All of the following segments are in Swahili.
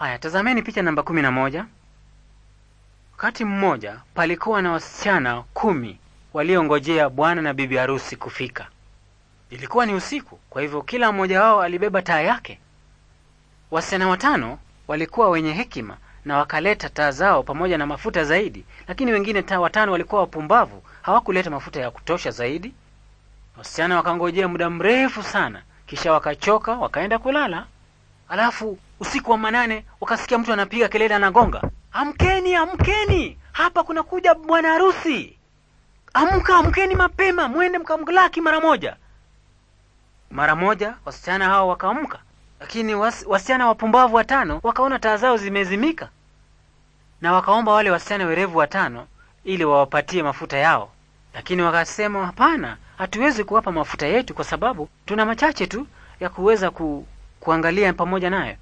Haya, tazameni picha namba kumi na moja. Wakati mmoja palikuwa na wasichana kumi waliongojea bwana na bibi harusi kufika. Ilikuwa ni usiku, kwa hivyo kila mmoja wao alibeba taa yake. Wasichana watano walikuwa wenye hekima na wakaleta taa zao pamoja na mafuta zaidi, lakini wengine taa watano walikuwa wapumbavu, hawakuleta mafuta ya kutosha zaidi. Wasichana wakangojea muda mrefu sana, kisha wakachoka, wakaenda kulala alafu usiku wa manane ukasikia mtu anapiga kelele anagonga, amkeni, amkeni, hapa kuna kuja bwana harusi, amka, amkeni mapema, mwende mkamlaki mara moja. Mara moja wasichana hao wakaamka, lakini was, wasichana wapumbavu watano wakaona taa zao zimezimika, na wakaomba wale wasichana werevu watano ili wawapatie mafuta yao, lakini wakasema hapana, hatuwezi kuwapa mafuta yetu kwa sababu tuna machache tu ya kuweza ku kuangalia pamoja naye.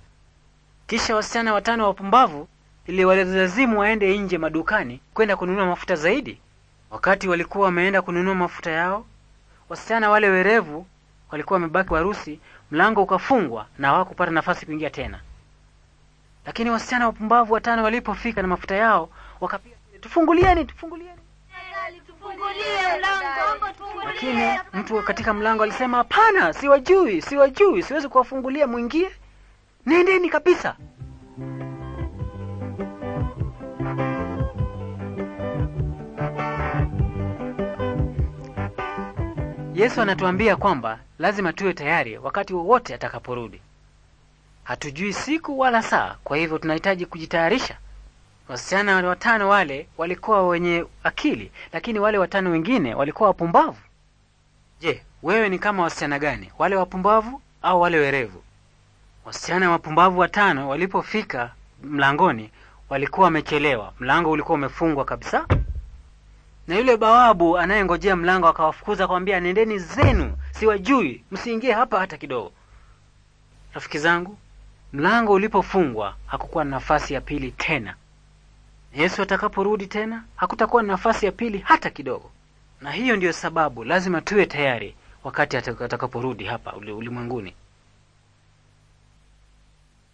Kisha wasichana watano wapumbavu iliwalazimu waende nje madukani kwenda kununua mafuta zaidi. Wakati walikuwa wameenda kununua mafuta yao, wasichana wale werevu walikuwa wamebaki warusi, mlango ukafungwa na hawakupata nafasi kuingia tena. Lakini wasichana wapumbavu watano walipofika na mafuta yao, wakapiga tufungulieni, tufungulieni. Lakini mtu katika mlango alisema, hapana, siwajui, siwajui, siwezi kuwafungulia, mwingie, nendeni kabisa. Yesu anatuambia kwamba lazima tuwe tayari wakati wowote atakaporudi. Hatujui siku wala saa, kwa hivyo tunahitaji kujitayarisha. Wasichana wale watano wale walikuwa wenye akili, lakini wale watano wengine walikuwa wapumbavu. Je, wewe ni kama wasichana gani, wale wapumbavu au wale werevu? Wasichana wapumbavu watano walipofika mlangoni walikuwa wamechelewa, mlango ulikuwa umefungwa kabisa, na yule bawabu anayengojea mlango akawafukuza kwambia nendeni zenu, siwajui, msiingie hapa hata kidogo. Rafiki zangu, mlango ulipofungwa hakukuwa na nafasi ya pili tena. Yesu atakaporudi tena hakutakuwa na nafasi ya pili hata kidogo, na hiyo ndiyo sababu lazima tuwe tayari wakati atakaporudi hapa ulimwenguni.